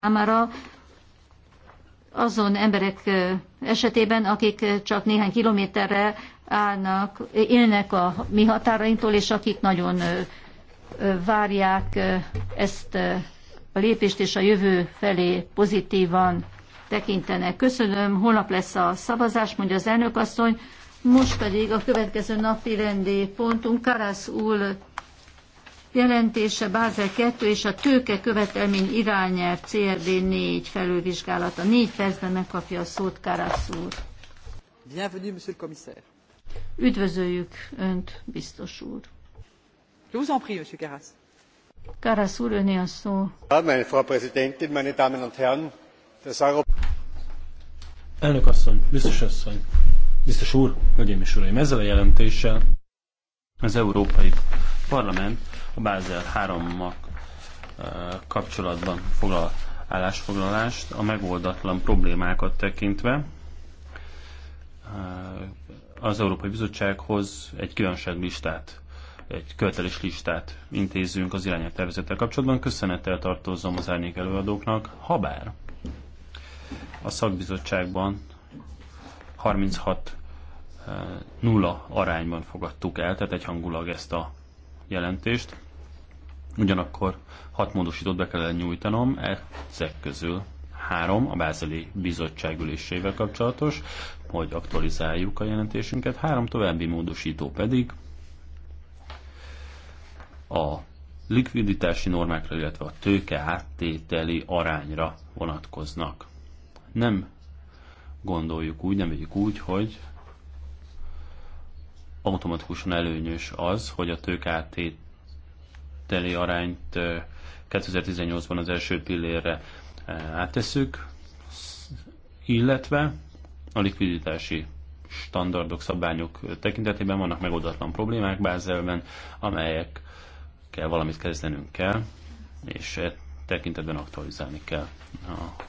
számára azon emberek esetében, akik csak néhány kilométerre állnak, élnek a mi határainktól, és akik nagyon várják ezt a lépést, és a jövő felé pozitívan tekintenek. Köszönöm, holnap lesz a szavazás, mondja az elnök asszony. Most pedig a következő napi rendi pontunk Karász úr jelentése Bázel 2 és a tőke követelmény irányelv CRD 4 felülvizsgálata. Négy percben megkapja a szót Karasz úr. Bienvenue, monsieur le commissaire. Üdvözöljük Önt, biztos úr. Je vous en prie, monsieur Karasz. Karasz úr, Öné a szó. Meine Frau Präsidentin, meine Damen und Herren, das Elnök asszony, biztos asszony, biztos úr, hölgyeim és uraim, ezzel a jelentéssel az Európai Parlament a Bázel 3-mak kapcsolatban foglal állásfoglalást a megoldatlan problémákat tekintve. Az Európai Bizottsághoz egy listát, egy követelés listát intézünk az irányelv tervezettel kapcsolatban. Köszönettel tartozom az árnyék előadóknak, habár a szakbizottságban 36 nulla arányban fogadtuk el, tehát egyhangulag ezt a jelentést. Ugyanakkor hat módosítót be kellene nyújtanom, ezek közül három a Bázeli Bizottság ülésével kapcsolatos, hogy aktualizáljuk a jelentésünket, három további módosító pedig a likviditási normákra, illetve a tőke áttételi arányra vonatkoznak. Nem gondoljuk úgy, nem vegyük úgy, hogy automatikusan előnyös az, hogy a tőke áttét teli arányt 2018-ban az első pillérre áttesszük, illetve a likviditási standardok, szabványok tekintetében vannak megoldatlan problémák Bázelben, kell valamit kezdenünk kell, és e tekintetben aktualizálni kell a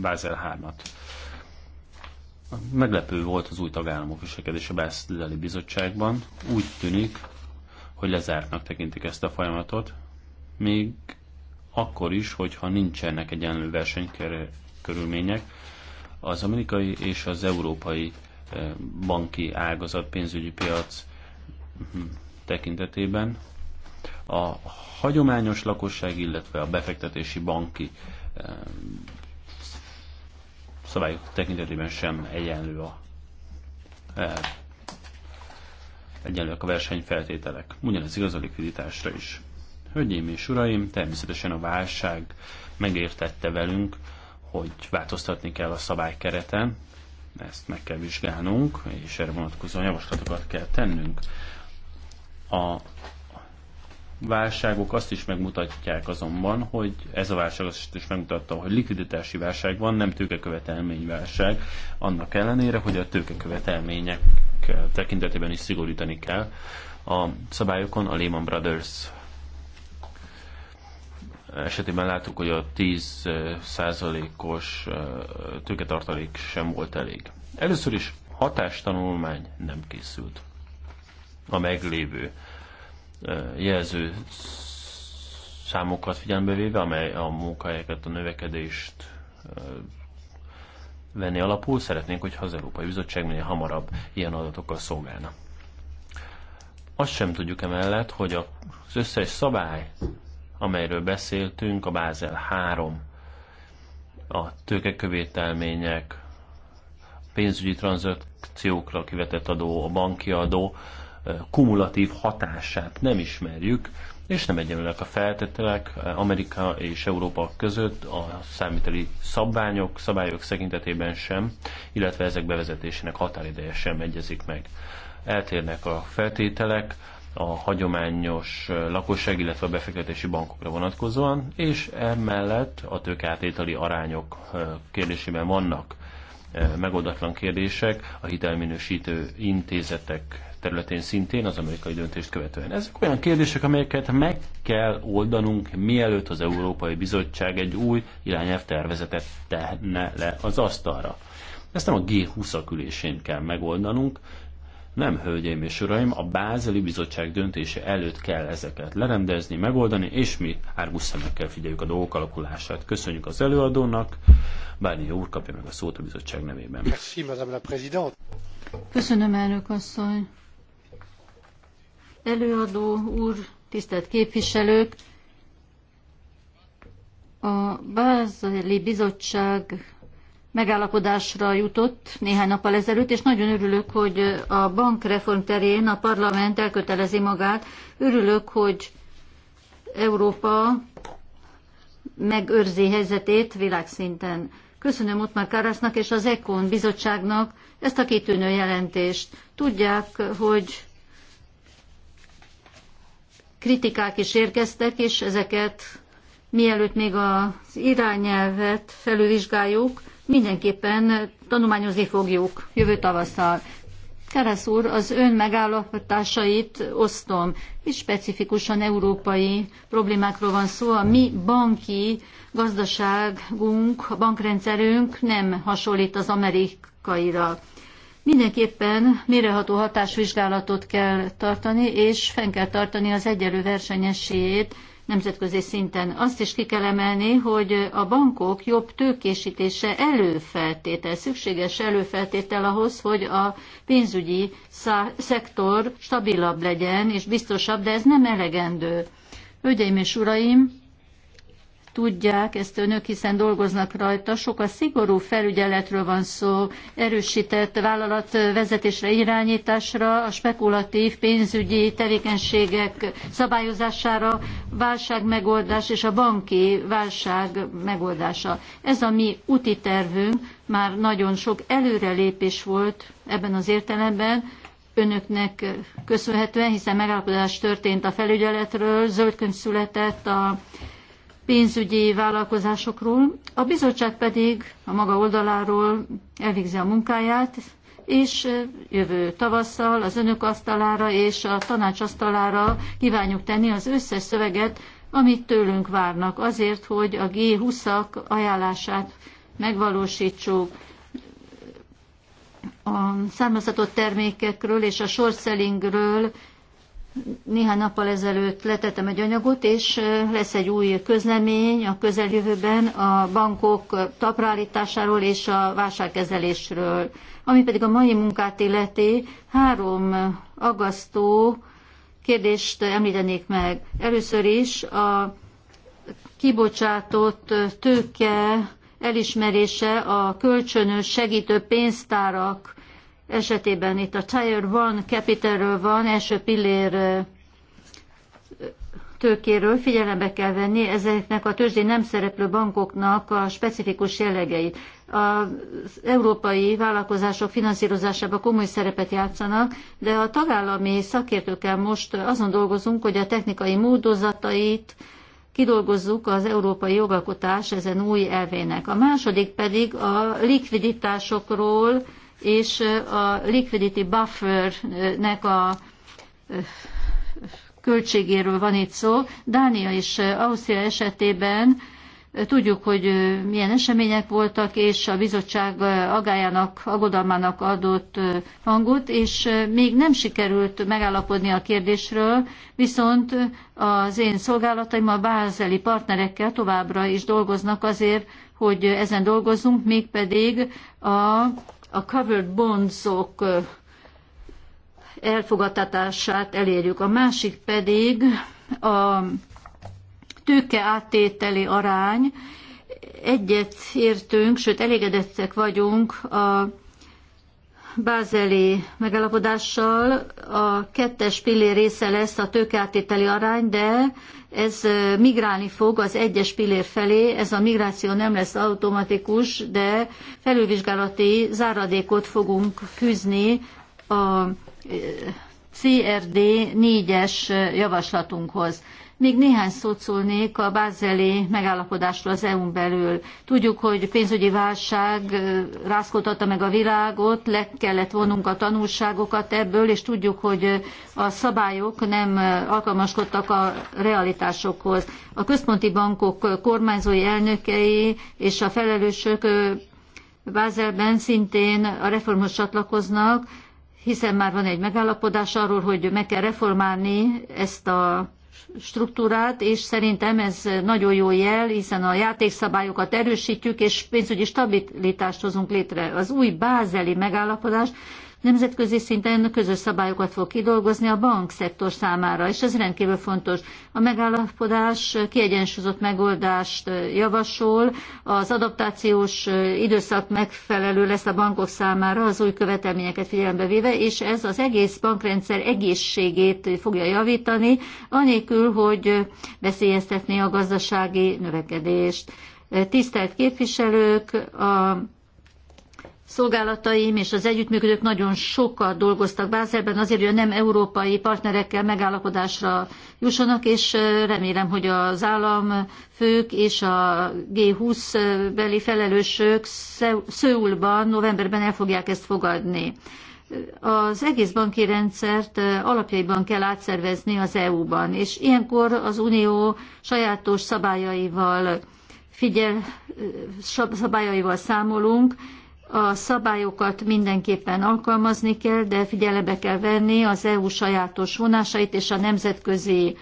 Bázel 3-at. Meglepő volt az új tagállamok viselkedése a Bázeli Bizottságban. Úgy tűnik, hogy lezártnak tekintik ezt a folyamatot, még akkor is, hogyha nincsenek egyenlő versenykörülmények, az amerikai és az európai eh, banki ágazat, pénzügyi piac hm, tekintetében a hagyományos lakosság, illetve a befektetési banki eh, szabályok tekintetében sem egyenlő a eh, egyenlőek a versenyfeltételek. Ugyanez igaz a likviditásra is. Hölgyeim és uraim, természetesen a válság megértette velünk, hogy változtatni kell a szabálykereten, ezt meg kell vizsgálnunk, és erre vonatkozóan javaslatokat kell tennünk. A válságok azt is megmutatják azonban, hogy ez a válság azt is megmutatta, hogy likviditási válság van, nem tőkekövetelmény válság. annak ellenére, hogy a tőkekövetelmények Eh, tekintetében is szigorítani kell a szabályokon. A Lehman Brothers esetében láttuk, hogy a 10%-os eh, eh, tőketartalék sem volt elég. Először is hatástanulmány nem készült. A meglévő jelző számokat figyelembe véve, amely a munkahelyeket, a növekedést venni alapul. Szeretnénk, hogyha az Európai Bizottság minél hamarabb ilyen adatokkal szolgálna. Azt sem tudjuk emellett, hogy az összes szabály, amelyről beszéltünk, a Bázel 3, a tőkekövételmények, pénzügyi tranzakciókra kivetett adó, a banki adó eh, kumulatív hatását nem ismerjük, és nem egyenlőek a feltételek Amerika és Európa között a számíteli szabványok, szabályok szekintetében sem, illetve ezek bevezetésének határideje sem egyezik meg. Eltérnek a feltételek a hagyományos lakosság, illetve a befektetési bankokra vonatkozóan, és emellett a tőkátételi arányok kérdésében vannak megoldatlan kérdések, a hitelminősítő intézetek területén szintén az amerikai döntést követően. Ezek olyan kérdések, amelyeket meg kell oldanunk, mielőtt az Európai Bizottság egy új irányelv tervezetet tenne le az asztalra. Ezt nem a G20-ak ülésén kell megoldanunk, nem, hölgyeim és uraim, a Bázeli Bizottság döntése előtt kell ezeket lerendezni, megoldani, és mi árgus szemekkel figyeljük a dolgok alakulását. Köszönjük az előadónak, Bárnyi úr kapja meg a szót a bizottság nevében. Köszönöm, elnök asszony előadó úr, tisztelt képviselők! A Bázeli Bizottság megállapodásra jutott néhány nappal ezelőtt, és nagyon örülök, hogy a bankreform terén a parlament elkötelezi magát. Örülök, hogy Európa megőrzi helyzetét világszinten. Köszönöm Ottmar Kárasznak és az ECON bizottságnak ezt a kitűnő jelentést. Tudják, hogy kritikák is érkeztek, és ezeket mielőtt még az irányelvet felülvizsgáljuk, mindenképpen tanulmányozni fogjuk jövő tavasszal. Keresz úr, az ön megállapításait osztom. és specifikusan európai problémákról van szó. A mi banki gazdaságunk, a bankrendszerünk nem hasonlít az amerikaira. Mindenképpen méreható hatásvizsgálatot kell tartani, és fenn kell tartani az egyenlő versenyességét nemzetközi szinten. Azt is ki kell emelni, hogy a bankok jobb tőkésítése előfeltétel, szükséges előfeltétel ahhoz, hogy a pénzügyi szektor stabilabb legyen és biztosabb, de ez nem elegendő. Ögyeim és uraim, tudják ezt önök, hiszen dolgoznak rajta. Sokkal szigorú felügyeletről van szó, erősített vállalatvezetésre, irányításra, a spekulatív pénzügyi tevékenységek szabályozására, válságmegoldás és a banki válság megoldása. Ez a mi úti tervünk, már nagyon sok előrelépés volt ebben az értelemben, önöknek köszönhetően, hiszen megállapodás történt a felügyeletről, zöldkönyv született a pénzügyi vállalkozásokról, a bizottság pedig a maga oldaláról elvégzi a munkáját, és jövő tavasszal az önök asztalára és a tanács asztalára kívánjuk tenni az összes szöveget, amit tőlünk várnak, azért, hogy a G20-ak ajánlását megvalósítsuk a származatott termékekről és a short sellingről néhány nappal ezelőtt letettem egy anyagot, és lesz egy új közlemény a közeljövőben a bankok taprálításáról és a válságkezelésről. Ami pedig a mai munkát illeti, három agasztó kérdést említenék meg. Először is a kibocsátott tőke elismerése a kölcsönös segítő pénztárak esetében itt a Tier 1 capitalről van, első pillér tőkéről figyelembe kell venni ezeknek a tőzsdén nem szereplő bankoknak a specifikus jellegeit. Az európai vállalkozások finanszírozásában komoly szerepet játszanak, de a tagállami szakértőkkel most azon dolgozunk, hogy a technikai módozatait kidolgozzuk az európai jogalkotás ezen új elvének. A második pedig a likviditásokról, és a liquidity buffernek a költségéről van itt szó. Dánia és Ausztria esetében tudjuk, hogy milyen események voltak, és a bizottság agájának, aggodalmának adott hangot, és még nem sikerült megállapodni a kérdésről, viszont az én szolgálataim a bázeli partnerekkel továbbra is dolgoznak azért, hogy ezen dolgozunk, mégpedig a a covered bondsok elfogadtatását elérjük. A másik pedig a tőke áttételi arány. Egyet értünk, sőt elégedettek vagyunk a bázeli megállapodással a kettes pillér része lesz a tőkeáttételi arány, de ez migrálni fog az egyes pillér felé, ez a migráció nem lesz automatikus, de felülvizsgálati záradékot fogunk küzni a CRD 4-es javaslatunkhoz. Még néhány szót szólnék a bázeli megállapodásról az EU-n belül. Tudjuk, hogy pénzügyi válság rázkoltatta meg a világot, le kellett vonnunk a tanulságokat ebből, és tudjuk, hogy a szabályok nem alkalmazkodtak a realitásokhoz. A központi bankok kormányzói elnökei és a felelősök Bázelben szintén a reformhoz csatlakoznak, hiszen már van egy megállapodás arról, hogy meg kell reformálni ezt a struktúrát, és szerintem ez nagyon jó jel, hiszen a játékszabályokat erősítjük, és pénzügyi stabilitást hozunk létre. Az új bázeli megállapodás Nemzetközi szinten közös szabályokat fog kidolgozni a bankszektor számára, és ez rendkívül fontos. A megállapodás kiegyensúlyozott megoldást javasol, az adaptációs időszak megfelelő lesz a bankok számára az új követelményeket figyelembe véve, és ez az egész bankrendszer egészségét fogja javítani, anélkül, hogy veszélyeztetné a gazdasági növekedést. Tisztelt képviselők, a szolgálataim és az együttműködők nagyon sokat dolgoztak Bázelben azért, hogy a nem európai partnerekkel megállapodásra jussanak, és remélem, hogy az államfők és a G20 beli felelősök Szöulban novemberben el fogják ezt fogadni. Az egész banki rendszert alapjaiban kell átszervezni az EU-ban, és ilyenkor az Unió sajátos szabályaival figyel, szabályaival számolunk, a szabályokat mindenképpen alkalmazni kell, de figyelembe kell venni az EU sajátos vonásait és a nemzetközi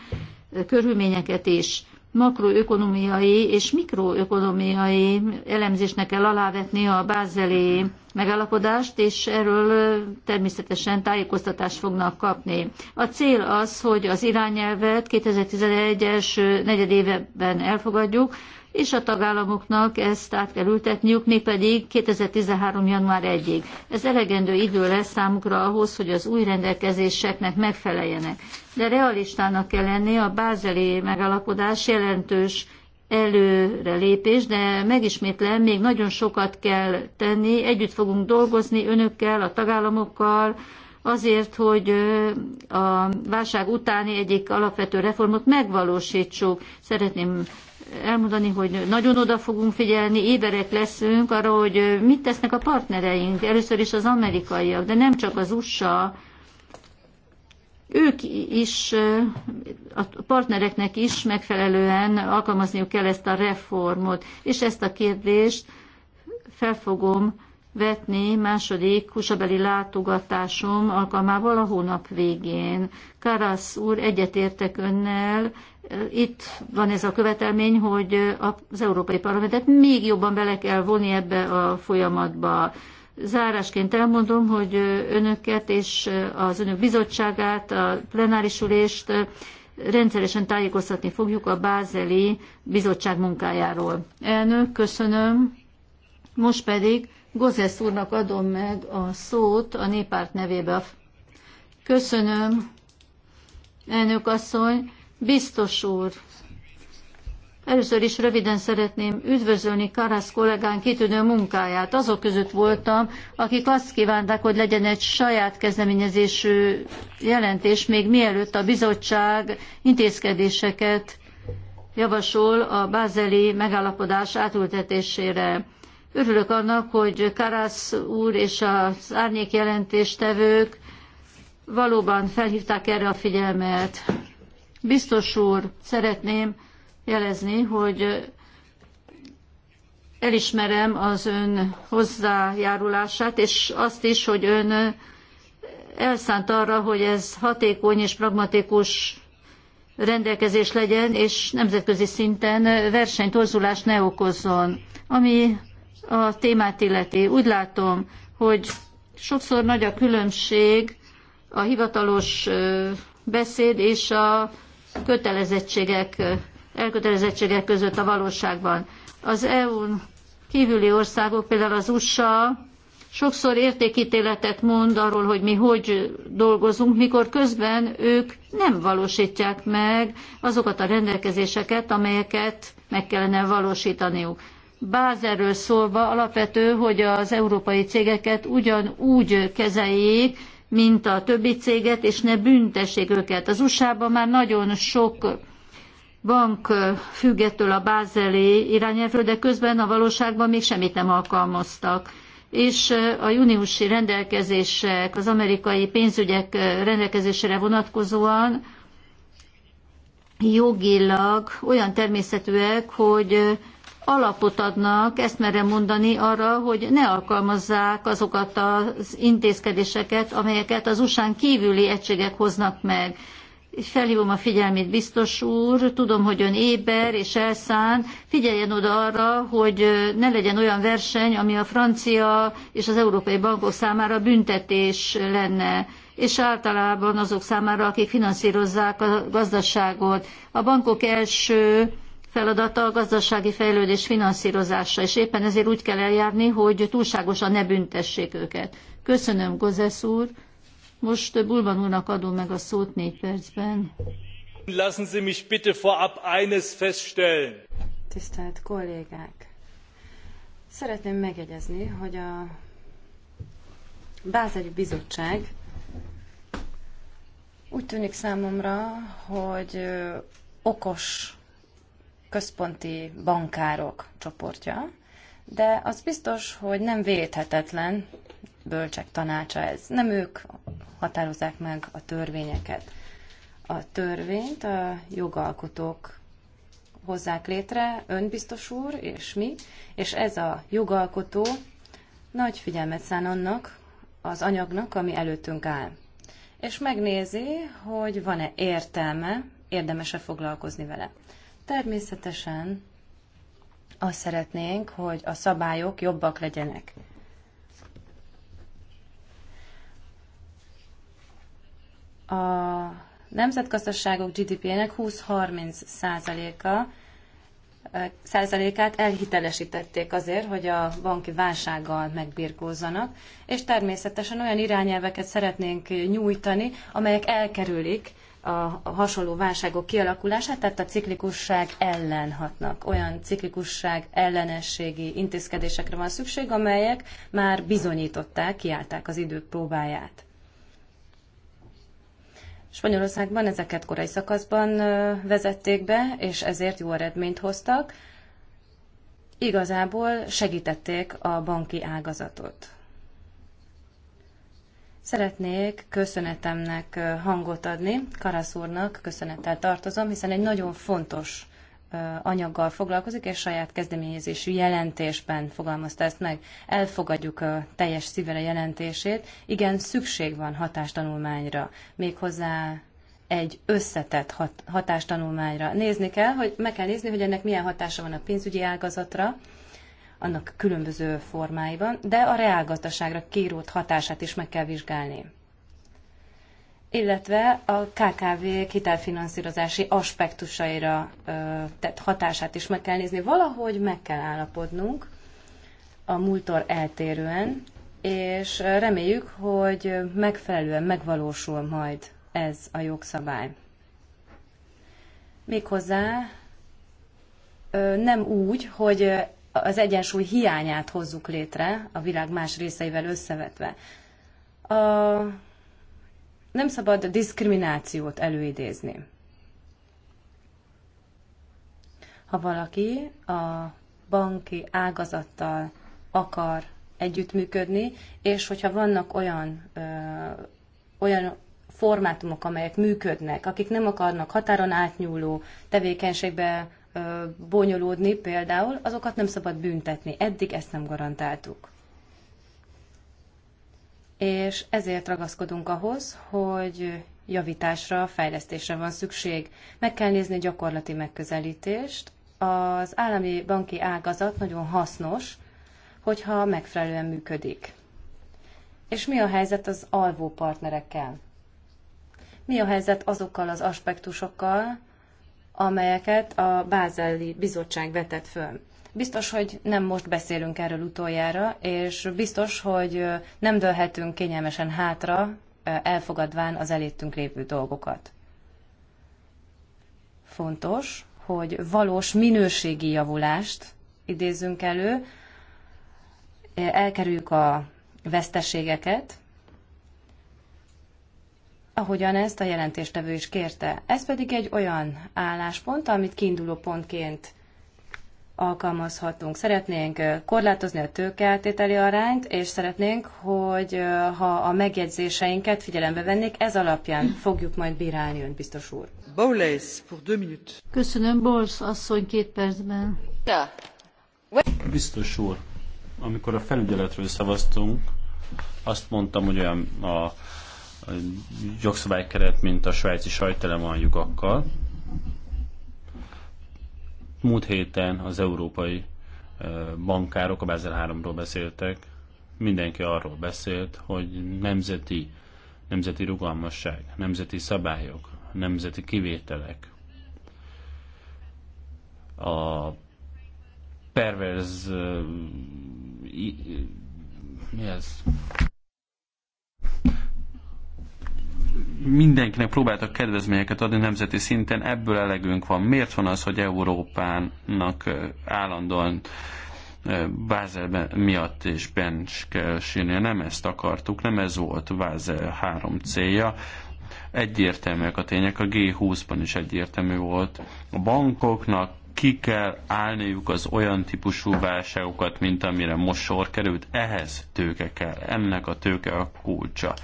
eh, körülményeket is. Makroökonomiai és mikroökonomiai elemzésnek kell alávetni a bázeli megállapodást, és erről eh, természetesen tájékoztatást fognak kapni. A cél az, hogy az irányelvet 2011-es negyedéveben elfogadjuk, és a tagállamoknak ezt át kell ültetniük, mégpedig 2013. január 1-ig. Ez elegendő idő lesz számukra ahhoz, hogy az új rendelkezéseknek megfeleljenek. De realistának kell lenni, a bázeli megalapodás jelentős előrelépés, de megismétlem, még nagyon sokat kell tenni, együtt fogunk dolgozni önökkel, a tagállamokkal, azért, hogy a válság utáni egyik alapvető reformot megvalósítsuk. Szeretném elmondani, hogy nagyon oda fogunk figyelni, éberek leszünk arra, hogy mit tesznek a partnereink, először is az amerikaiak, de nem csak az USA, ők is, a partnereknek is megfelelően alkalmazniuk kell ezt a reformot, és ezt a kérdést fel fogom vetni második kusabeli látogatásom alkalmával a hónap végén. Karasz úr, egyetértek önnel, itt van ez a követelmény, hogy az Európai Parlamentet még jobban bele kell vonni ebbe a folyamatba. Zárásként elmondom, hogy önöket és az önök bizottságát, a plenáris ülést rendszeresen tájékoztatni fogjuk a Bázeli bizottság munkájáról. Elnök, köszönöm. Most pedig Gozesz úrnak adom meg a szót a népárt nevébe. Köszönöm, elnök asszony, biztos úr. Először is röviden szeretném üdvözölni Karász kollégán kitűnő munkáját. Azok között voltam, akik azt kívánták, hogy legyen egy saját kezdeményezésű jelentés, még mielőtt a bizottság intézkedéseket javasol a bázeli megállapodás átültetésére. Örülök annak, hogy Karász úr és az árnyék jelentéstevők valóban felhívták erre a figyelmet. Biztos úr, szeretném jelezni, hogy elismerem az ön hozzájárulását, és azt is, hogy ön elszánt arra, hogy ez hatékony és pragmatikus rendelkezés legyen, és nemzetközi szinten versenytorzulást ne okozzon. Ami a témát illeti. Úgy látom, hogy sokszor nagy a különbség a hivatalos beszéd és a kötelezettségek, elkötelezettségek között a valóságban. Az EU-n kívüli országok, például az USA, sokszor értékítéletet mond arról, hogy mi hogy dolgozunk, mikor közben ők nem valósítják meg azokat a rendelkezéseket, amelyeket meg kellene valósítaniuk. Bázerről szólva alapvető, hogy az európai cégeket ugyanúgy kezeljék, mint a többi céget, és ne büntessék őket. Az USA-ban már nagyon sok bank függetől a bázeli irányelvről, de közben a valóságban még semmit nem alkalmaztak. És a júniusi rendelkezések, az amerikai pénzügyek rendelkezésére vonatkozóan jogilag olyan természetűek, hogy alapot adnak, ezt merem mondani arra, hogy ne alkalmazzák azokat az intézkedéseket, amelyeket az USA-n kívüli egységek hoznak meg. Felhívom a figyelmét, biztos úr, tudom, hogy ön éber és elszánt, figyeljen oda arra, hogy ne legyen olyan verseny, ami a francia és az európai bankok számára büntetés lenne és általában azok számára, akik finanszírozzák a gazdaságot. A bankok első feladata a gazdasági fejlődés finanszírozása, és éppen ezért úgy kell eljárni, hogy túlságosan ne büntessék őket. Köszönöm, Gozesz úr. Most Bulban úrnak adom meg a szót négy percben. Lassen Sie mich bitte vorab eines feststellen. Tisztelt kollégák! Szeretném megjegyezni, hogy a Bázeli Bizottság úgy tűnik számomra, hogy okos központi bankárok csoportja, de az biztos, hogy nem védhetetlen bölcsek tanácsa ez. Nem ők határozzák meg a törvényeket. A törvényt a jogalkotók hozzák létre, önbiztos úr és mi, és ez a jogalkotó nagy figyelmet szán annak az anyagnak, ami előttünk áll. És megnézi, hogy van-e értelme, érdemese foglalkozni vele. Természetesen azt szeretnénk, hogy a szabályok jobbak legyenek. A nemzetgazdaságok GDP-nek 20-30 százaléka százalékát elhitelesítették azért, hogy a banki válsággal megbirkózzanak, és természetesen olyan irányelveket szeretnénk nyújtani, amelyek elkerülik a hasonló válságok kialakulását, tehát a ciklikusság ellen hatnak. Olyan ciklikusság ellenességi intézkedésekre van szükség, amelyek már bizonyították, kiállták az idő próbáját. Spanyolországban ezeket korai szakaszban vezették be, és ezért jó eredményt hoztak. Igazából segítették a banki ágazatot. Szeretnék köszönetemnek hangot adni, Karasz úrnak köszönettel tartozom, hiszen egy nagyon fontos anyaggal foglalkozik, és saját kezdeményezésű jelentésben fogalmazta ezt meg. Elfogadjuk a teljes szívvel a jelentését. Igen, szükség van hatástanulmányra, méghozzá egy összetett hat, hatástanulmányra. Nézni kell, hogy meg kell nézni, hogy ennek milyen hatása van a pénzügyi ágazatra, annak különböző formáiban, de a reálgazdaságra kírót hatását is meg kell vizsgálni. Illetve a KKV hitelfinanszírozási aspektusaira tett hatását is meg kell nézni. Valahogy meg kell állapodnunk a múltor eltérően, és reméljük, hogy megfelelően megvalósul majd ez a jogszabály. Méghozzá nem úgy, hogy az egyensúly hiányát hozzuk létre a világ más részeivel összevetve. A, nem szabad diszkriminációt előidézni. Ha valaki a banki ágazattal akar együttműködni, és hogyha vannak olyan, ö, olyan formátumok, amelyek működnek, akik nem akarnak határon átnyúló tevékenységbe bonyolódni például, azokat nem szabad büntetni. Eddig ezt nem garantáltuk. És ezért ragaszkodunk ahhoz, hogy javításra, fejlesztésre van szükség. Meg kell nézni gyakorlati megközelítést. Az állami banki ágazat nagyon hasznos, hogyha megfelelően működik. És mi a helyzet az alvó partnerekkel? Mi a helyzet azokkal az aspektusokkal, amelyeket a Bázeli Bizottság vetett föl. Biztos, hogy nem most beszélünk erről utoljára, és biztos, hogy nem dőlhetünk kényelmesen hátra, elfogadván az elétünk lévő dolgokat. Fontos, hogy valós minőségi javulást idézzünk elő, elkerüljük a veszteségeket, ahogyan ezt a jelentéstevő is kérte. Ez pedig egy olyan álláspont, amit kiinduló pontként alkalmazhatunk. Szeretnénk korlátozni a tőkeáltételi arányt, és szeretnénk, hogy ha a megjegyzéseinket figyelembe vennék, ez alapján fogjuk majd bírálni ön, biztos úr. Köszönöm, Bowles asszony két percben. Biztos úr, amikor a felügyeletről szavaztunk, azt mondtam, hogy olyan a jogszabálykeret, mint a svájci sajtele van lyukakkal. Múlt héten az európai bankárok, a Basel 3-ról beszéltek, mindenki arról beszélt, hogy nemzeti, nemzeti rugalmasság, nemzeti szabályok, nemzeti kivételek, a perverz mi ez? mindenkinek próbáltak kedvezményeket adni nemzeti szinten, ebből elegünk van. Miért van az, hogy Európának állandóan Bázel miatt és Bencs kell sírni. Nem ezt akartuk, nem ez volt Bázel három célja. Egyértelműek a tények, a G20-ban is egyértelmű volt. A bankoknak ki kell állniuk az olyan típusú válságokat, mint amire most sor került, ehhez tőke kell, ennek a tőke a kulcsa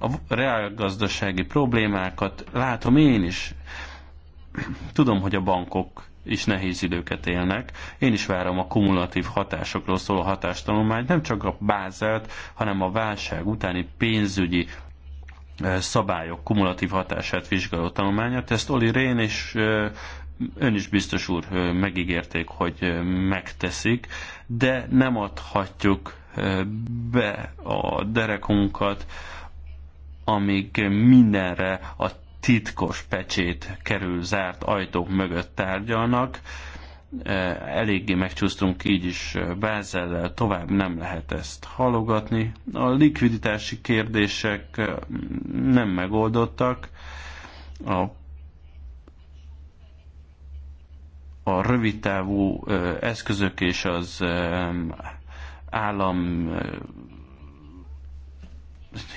a reálgazdasági problémákat látom én is. Tudom, hogy a bankok is nehéz időket élnek. Én is várom a kumulatív hatásokról szóló hatástanulmányt, nem csak a bázelt, hanem a válság utáni pénzügyi szabályok kumulatív hatását vizsgáló tanulmányát. Ezt Oli Rén és ön is biztos úr megígérték, hogy megteszik, de nem adhatjuk be a derekunkat amíg mindenre a titkos pecsét kerül zárt ajtók mögött tárgyalnak. E, eléggé megcsúsztunk így is Bázellel, tovább nem lehet ezt halogatni. A likviditási kérdések e, nem megoldottak. A a rövidtávú e, eszközök és az állam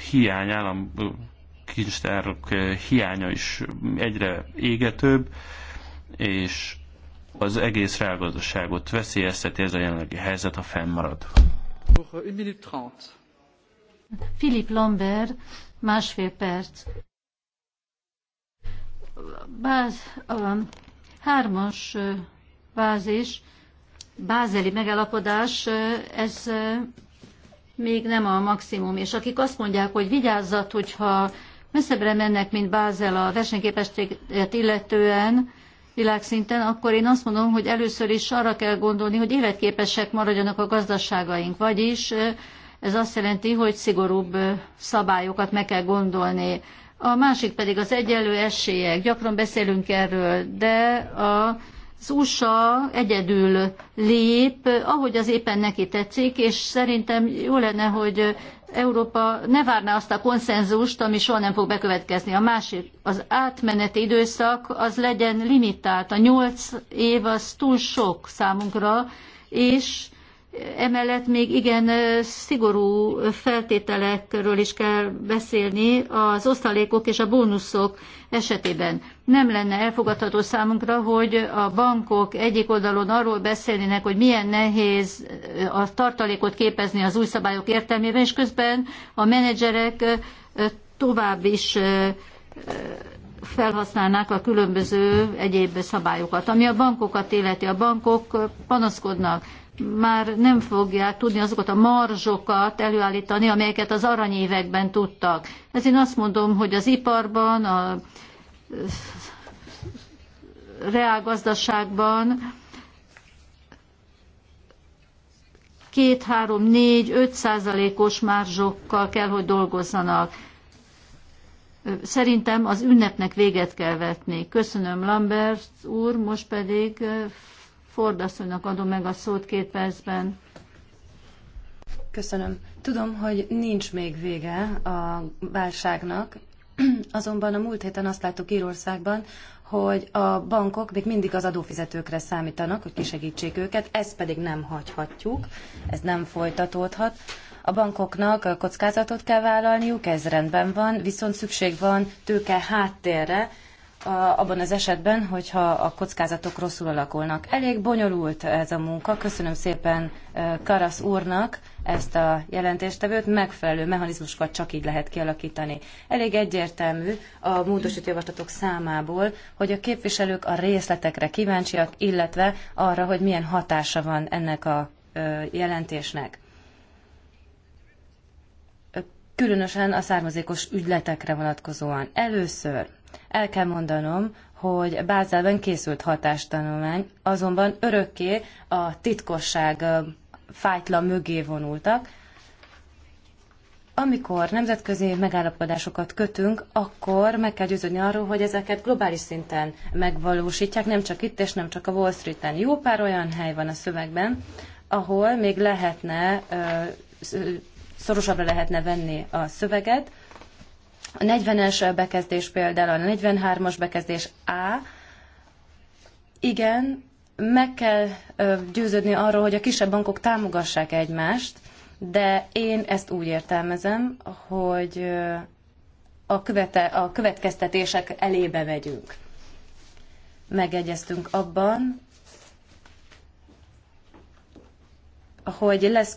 hiány, állam kincstárok eh, hiánya is egyre égetőbb, és az egész reálgazdaságot veszélyezteti ez a jelenlegi helyzet, ha fennmarad. Philip Lambert, másfél perc. Báz, a hármas eh, bázis, bázeli megállapodás, eh, ez még nem a maximum. És akik azt mondják, hogy vigyázzat, hogyha messzebbre mennek, mint Bázel a versenyképességet illetően, világszinten, akkor én azt mondom, hogy először is arra kell gondolni, hogy életképesek maradjanak a gazdaságaink, vagyis ez azt jelenti, hogy szigorúbb szabályokat meg kell gondolni. A másik pedig az egyenlő esélyek. Gyakran beszélünk erről, de a az USA egyedül lép, ahogy az éppen neki tetszik, és szerintem jó lenne, hogy Európa ne várná azt a konszenzust, ami soha nem fog bekövetkezni. A másik, az átmeneti időszak, az legyen limitált. A nyolc év az túl sok számunkra, és Emellett még igen szigorú feltételekről is kell beszélni az osztalékok és a bónuszok esetében. Nem lenne elfogadható számunkra, hogy a bankok egyik oldalon arról beszélnének, hogy milyen nehéz a tartalékot képezni az új szabályok értelmében, és közben a menedzserek tovább is felhasználnák a különböző egyéb szabályokat. Ami a bankokat illeti, a bankok panaszkodnak már nem fogják tudni azokat a marzsokat előállítani, amelyeket az aranyévekben tudtak. Ez én azt mondom, hogy az iparban, a reálgazdaságban két, három, négy, öt százalékos marzsokkal kell, hogy dolgozzanak. Szerintem az ünnepnek véget kell vetni. Köszönöm Lambert úr, most pedig eh, Ford asszonynak adom meg a szót két percben. Köszönöm. Tudom, hogy nincs még vége a válságnak, azonban a múlt héten azt láttuk Írországban, hogy a bankok még mindig az adófizetőkre számítanak, hogy kisegítsék őket, ezt pedig nem hagyhatjuk, ez nem folytatódhat. A bankoknak kockázatot kell vállalniuk, ez rendben van, viszont szükség van tőke háttérre, abban az esetben, hogyha a kockázatok rosszul alakulnak. Elég bonyolult ez a munka. Köszönöm szépen e, Karasz úrnak ezt a jelentéstevőt. Megfelelő mechanizmusokat csak így lehet kialakítani. Elég egyértelmű a módosító javaslatok számából, hogy a képviselők a részletekre kíváncsiak, illetve arra, hogy milyen hatása van ennek a e, jelentésnek különösen a származékos ügyletekre vonatkozóan. Először el kell mondanom, hogy Bázelben készült hatástanulmány, azonban örökké a titkosság fájtla mögé vonultak. Amikor nemzetközi megállapodásokat kötünk, akkor meg kell győződni arról, hogy ezeket globális szinten megvalósítják, nem csak itt és nem csak a Wall Street-en. Jó pár olyan hely van a szövegben, ahol még lehetne, szorosabbra lehetne venni a szöveget, a 40-es bekezdés például, a 43-as bekezdés A, igen, meg kell győződni arról, hogy a kisebb bankok támogassák egymást, de én ezt úgy értelmezem, hogy a, követe, a következtetések elébe vegyünk. Megegyeztünk abban, hogy lesz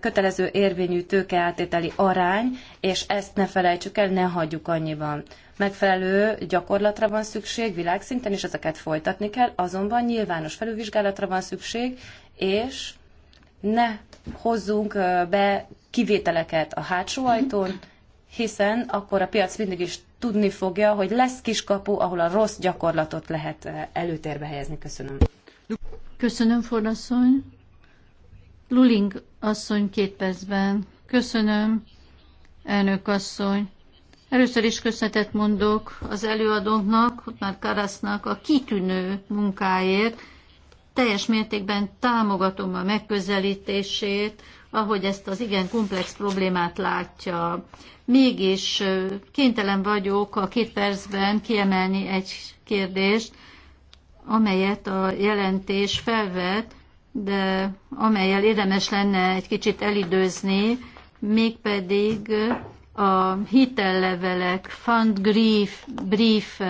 kötelező érvényű tőkeátételi arány, és ezt ne felejtsük el, ne hagyjuk annyiban. Megfelelő gyakorlatra van szükség világszinten, és ezeket folytatni kell, azonban nyilvános felülvizsgálatra van szükség, és ne hozzunk be kivételeket a hátsó mhm. ajtón, hiszen akkor a piac mindig is tudni fogja, hogy lesz kiskapu, ahol a rossz gyakorlatot lehet előtérbe helyezni. Köszönöm. Köszönöm, fordasszony. Luling asszony két percben. Köszönöm, elnök asszony. Először is köszönetet mondok az előadónknak, már Karasznak a kitűnő munkáért. Teljes mértékben támogatom a megközelítését, ahogy ezt az igen komplex problémát látja. Mégis kénytelen vagyok a két percben kiemelni egy kérdést, amelyet a jelentés felvet, de amelyel érdemes lenne egy kicsit elidőzni, mégpedig a hitellevelek, fund brief, brief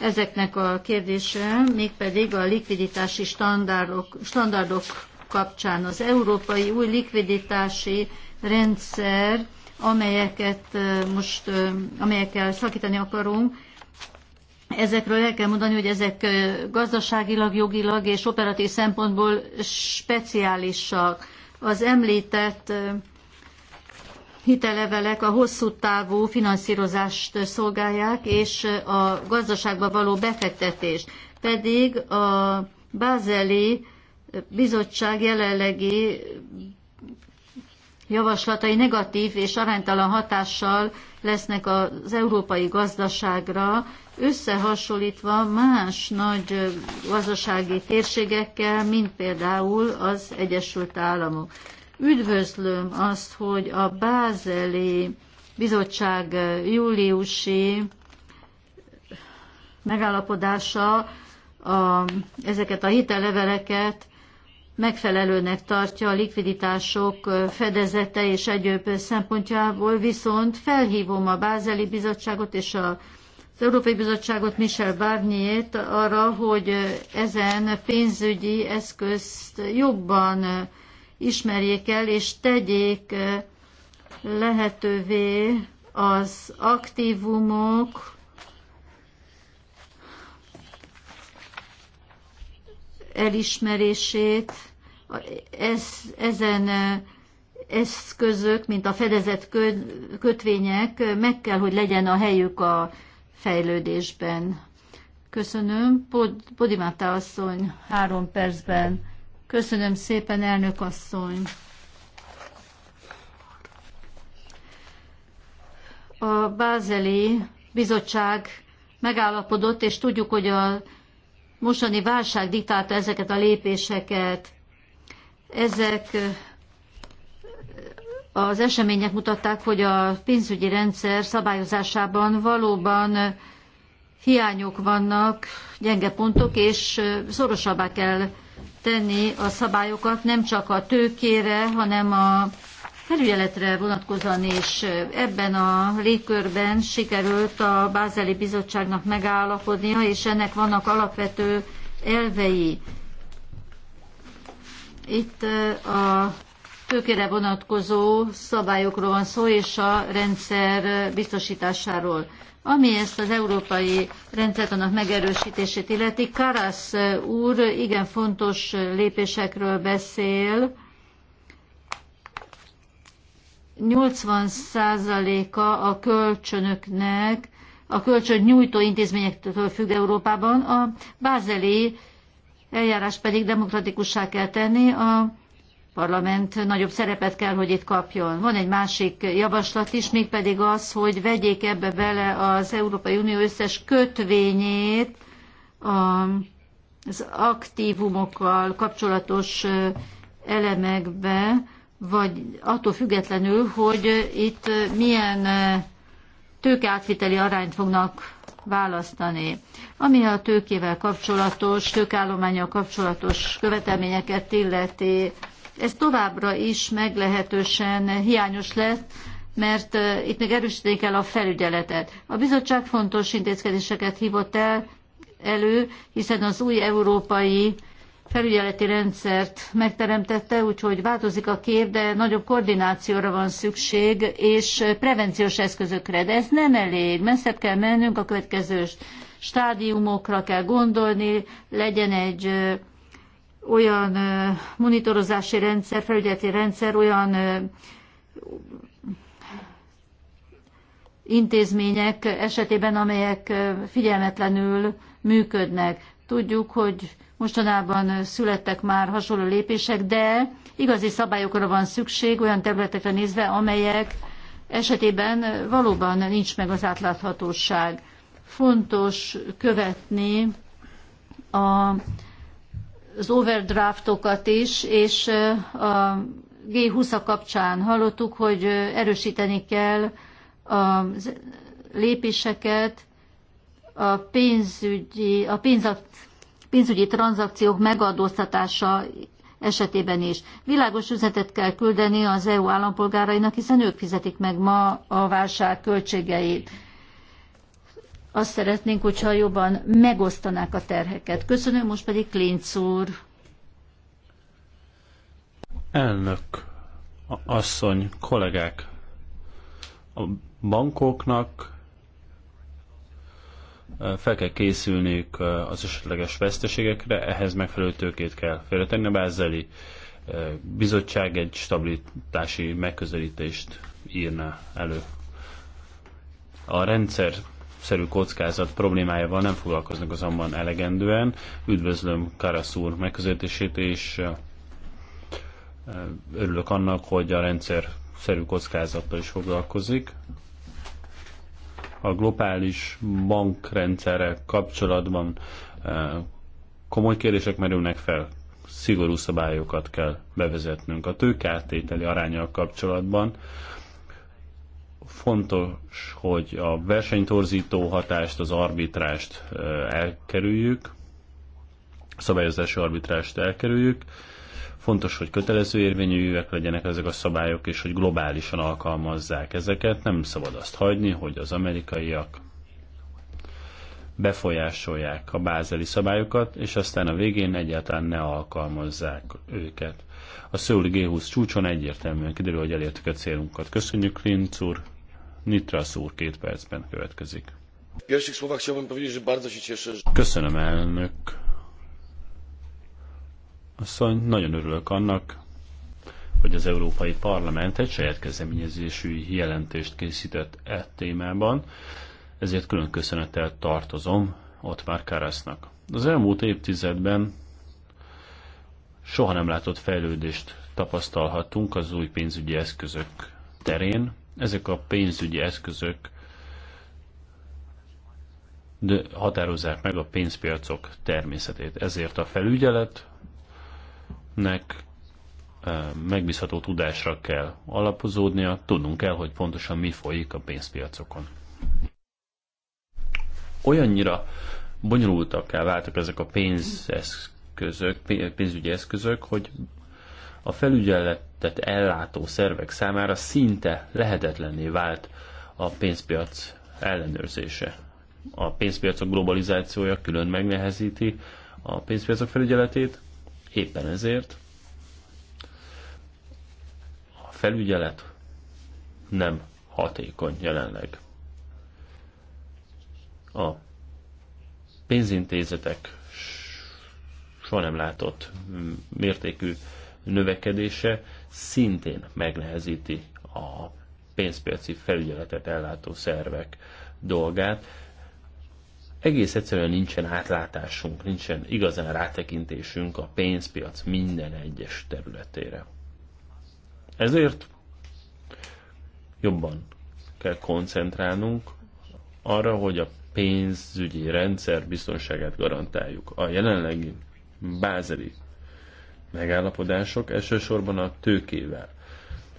ezeknek a kérdése, mégpedig a likviditási standardok, standardok kapcsán az európai új likviditási rendszer, amelyeket eh, most, eh, amelyekkel szakítani akarunk, Ezekről el kell mondani, hogy ezek gazdaságilag, jogilag és operatív szempontból speciálisak. Az említett hitelevelek a hosszú távú finanszírozást szolgálják, és a gazdaságba való befektetést. Pedig a bázeli bizottság jelenlegi javaslatai negatív és aránytalan hatással lesznek az európai gazdaságra, összehasonlítva más nagy gazdasági térségekkel, mint például az Egyesült Államok. Üdvözlöm azt, hogy a Bázeli Bizottság júliusi megállapodása a, ezeket a hitelleveleket megfelelőnek tartja a likviditások fedezete és egyéb szempontjából, viszont felhívom a Bázeli Bizottságot és a az Európai Bizottságot Michel Barnier-t arra, hogy ezen pénzügyi eszközt jobban ismerjék el, és tegyék lehetővé az aktívumok elismerését, ez, ezen eszközök, mint a fedezett kötvények meg kell, hogy legyen a helyük a fejlődésben. Köszönöm. Pod, Podimáta asszony, három percben. Köszönöm szépen, elnök asszony. A Bázeli Bizottság megállapodott, és tudjuk, hogy a mostani válság diktálta ezeket a lépéseket. Ezek az események mutatták, hogy a pénzügyi rendszer szabályozásában valóban hiányok vannak, gyenge pontok, és szorosabbá kell tenni a szabályokat nem csak a tőkére, hanem a felügyeletre vonatkozóan és ebben a légkörben sikerült a Bázeli Bizottságnak megállapodnia, és ennek vannak alapvető elvei. Itt eh, a tőkére vonatkozó szabályokról van szó, és a rendszer biztosításáról. Ami ezt az európai rendszert annak megerősítését illeti, Karasz úr igen fontos lépésekről beszél, 80%-a a kölcsönöknek, a kölcsön nyújtó intézményektől függ Európában, a bázeli eljárás pedig demokratikussá kell tenni, a parlament nagyobb szerepet kell, hogy itt kapjon. Van egy másik javaslat is, mégpedig az, hogy vegyék ebbe bele az Európai Unió összes kötvényét az aktívumokkal kapcsolatos elemekbe, vagy attól függetlenül, hogy itt milyen eh, tőkeátviteli arányt fognak választani. Ami a tőkével kapcsolatos, tőkállományjal kapcsolatos követelményeket illeti, ez továbbra is meglehetősen hiányos lesz, mert eh, itt még erősíteni kell a felügyeletet. A bizottság fontos intézkedéseket hívott el elő, hiszen az új európai felügyeleti rendszert megteremtette, úgyhogy változik a kép, de nagyobb koordinációra van szükség, és prevenciós eszközökre. De ez nem elég, messzebb kell mennünk a következő stádiumokra kell gondolni, legyen egy olyan monitorozási rendszer, felügyeleti rendszer, olyan intézmények esetében, amelyek figyelmetlenül működnek. Tudjuk, hogy Mostanában születtek már hasonló lépések, de igazi szabályokra van szükség olyan területekre nézve, amelyek esetében valóban nincs meg az átláthatóság. Fontos követni a, az overdraftokat is, és a G20 kapcsán hallottuk, hogy erősíteni kell a lépéseket, a pénzügyi, a pénzat pénzügyi tranzakciók megadóztatása esetében is. Világos üzenetet kell küldeni az EU állampolgárainak, hiszen ők fizetik meg ma a válság költségeit. Azt szeretnénk, hogyha jobban megosztanák a terheket. Köszönöm, most pedig Klincz úr. Elnök, asszony, kollégák, a bankoknak fel kell készülniük az esetleges veszteségekre, ehhez megfelelő tőkét kell félretenni. A bázeli bizottság egy stabilitási megközelítést írna elő. A rendszer szerű kockázat problémájával nem foglalkoznak azonban elegendően. Üdvözlöm Karasz úr megközelítését, és örülök annak, hogy a rendszer szerű kockázattal is foglalkozik a globális bankrendszerrel kapcsolatban eh, komoly kérdések merülnek fel, szigorú szabályokat kell bevezetnünk. A tőkártételi arányal kapcsolatban fontos, hogy a versenytorzító hatást, az arbitrást eh, elkerüljük, szabályozási arbitrást elkerüljük, Fontos, hogy kötelező érvényűek legyenek ezek a szabályok, és hogy globálisan alkalmazzák ezeket. Nem szabad azt hagyni, hogy az amerikaiak befolyásolják a bázeli szabályokat, és aztán a végén egyáltalán ne alkalmazzák őket. A Szöuli G20 csúcson egyértelműen kiderül, hogy elértük a célunkat. Köszönjük, Klinc úr. Nitra úr két percben következik. Köszönöm, elnök asszony, nagyon örülök annak, hogy az Európai Parlament egy saját kezdeményezésű jelentést készített e témában, ezért külön köszönettel tartozom már Karasznak. Az elmúlt évtizedben soha nem látott fejlődést tapasztalhatunk az új pénzügyi eszközök terén. Ezek a pénzügyi eszközök de határozzák meg a pénzpiacok természetét. Ezért a felügyelet, nek megbízható tudásra kell alapozódnia, tudnunk kell, hogy pontosan mi folyik a pénzpiacokon. Olyannyira el váltak ezek a pénzeszközök, pénzügyi eszközök, hogy a felügyeletet ellátó szervek számára szinte lehetetlenné vált a pénzpiac ellenőrzése. A pénzpiacok globalizációja külön megnehezíti a pénzpiacok felügyeletét, Éppen ezért a felügyelet nem hatékony jelenleg. A pénzintézetek soha nem látott mértékű növekedése szintén megnehezíti a pénzpiaci felügyeletet ellátó szervek dolgát egész egyszerűen nincsen átlátásunk, nincsen igazán rátekintésünk a pénzpiac minden egyes területére. Ezért jobban kell koncentrálnunk arra, hogy a pénzügyi rendszer biztonságát garantáljuk. A jelenlegi bázeli megállapodások elsősorban a tőkével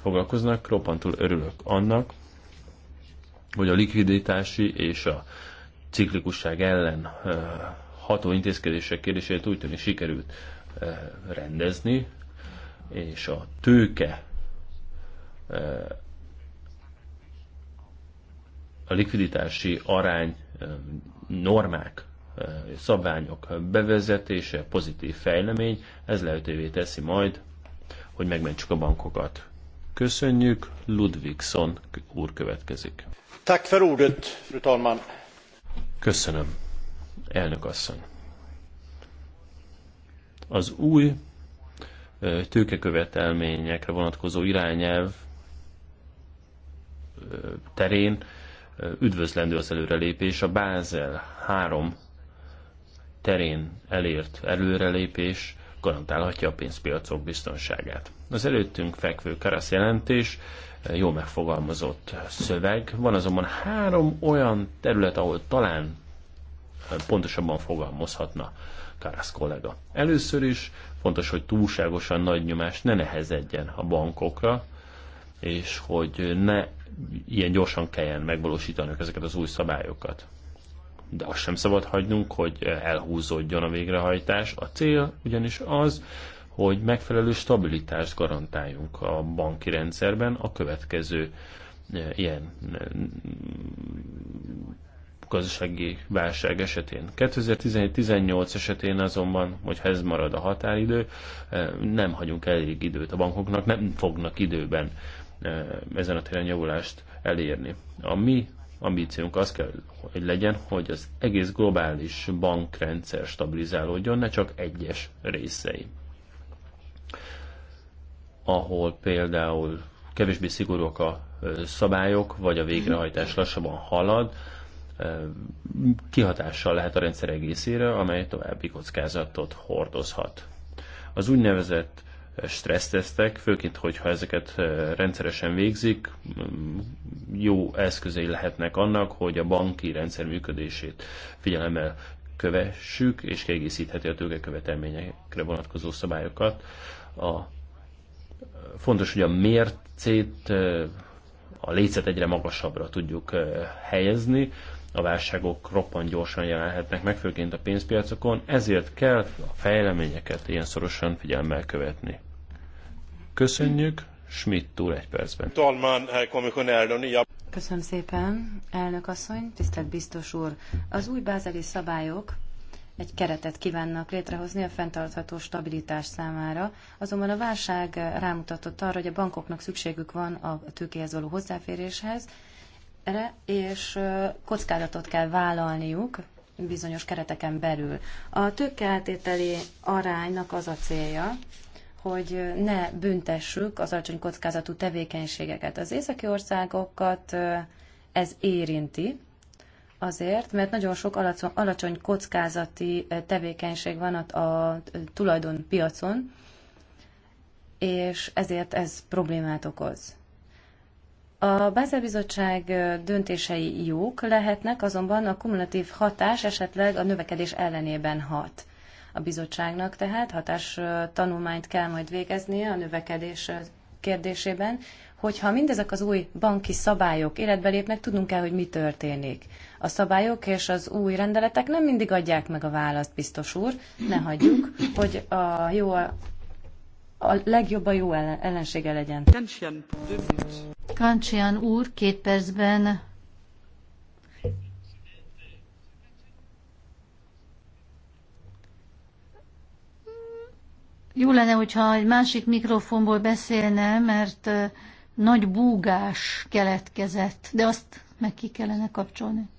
foglalkoznak, roppantul örülök annak, hogy a likviditási és a ciklikusság ellen ható intézkedések kérdését úgy tűnik sikerült rendezni, és a tőke a likviditási arány normák szabványok bevezetése pozitív fejlemény, ez lehetővé teszi majd, hogy megmentsük a bankokat. Köszönjük, Ludvigson úr következik. Tack för ordet, fru talman. Köszönöm, elnök asszony. Az új tőkekövetelményekre vonatkozó irányelv terén üdvözlendő az előrelépés. A Bázel 3 terén elért előrelépés garantálhatja a pénzpiacok biztonságát. Az előttünk fekvő kereszt jelentés jó megfogalmazott szöveg. Van azonban három olyan terület, ahol talán pontosabban fogalmazhatna Karasz kollega. Először is fontos, hogy túlságosan nagy nyomás ne nehezedjen a bankokra, és hogy ne ilyen gyorsan kelljen megvalósítani ezeket az új szabályokat. De azt sem szabad hagynunk, hogy elhúzódjon a végrehajtás. A cél ugyanis az, hogy megfelelő stabilitást garantáljunk a banki rendszerben a következő e, ilyen e, gazdasági válság esetén. 2017-18 esetén azonban, hogyha ez marad a határidő, e, nem hagyunk elég időt a bankoknak, nem fognak időben ezen a téren javulást elérni. A mi ambíciónk az kell, hogy legyen, hogy az egész globális bankrendszer stabilizálódjon, ne csak egyes részei ahol például kevésbé szigorúak a szabályok, vagy a végrehajtás lassabban halad, kihatással lehet a rendszer egészére, amely további kockázatot hordozhat. Az úgynevezett stressztesztek, főként, hogyha ezeket rendszeresen végzik, mm, jó eszközei lehetnek annak, hogy a banki rendszer működését figyelemmel kövessük, és kiegészítheti a tőkekövetelményekre vonatkozó szabályokat. A Fontos, hogy a mércét, a lécet egyre magasabbra tudjuk helyezni, a válságok roppant gyorsan jelenhetnek meg, főként a pénzpiacokon, ezért kell a fejleményeket ilyen szorosan figyelemmel követni. Köszönjük, Schmidt úr egy percben. Köszönöm szépen, elnök asszony, tisztelt biztos úr. Az új bázeli szabályok egy keretet kívánnak létrehozni a fenntartható stabilitás számára. Azonban a válság rámutatott arra, hogy a bankoknak szükségük van a tőkéhez való hozzáféréshez, erre, és kockázatot kell vállalniuk bizonyos kereteken belül. A tőkeáltételi aránynak az a célja, hogy ne büntessük az alacsony kockázatú tevékenységeket. Az északi országokat ez érinti, Azért, mert nagyon sok alacsony kockázati tevékenység van a tulajdonpiacon, és ezért ez problémát okoz. A Bázel Bizottság döntései jók lehetnek, azonban a kumulatív hatás esetleg a növekedés ellenében hat. A bizottságnak tehát hatás tanulmányt kell majd végeznie a növekedés kérdésében, hogyha mindezek az új banki szabályok életbe lépnek, tudnunk kell, hogy mi történik. A szabályok és az új rendeletek nem mindig adják meg a választ, biztos úr. Ne hagyjuk, hogy a jó a legjobb a jó ellensége legyen. Kancsian úr, két percben. Jó lenne, hogyha egy másik mikrofonból beszélne, mert nagy búgás keletkezett, de azt meg ki kellene kapcsolni.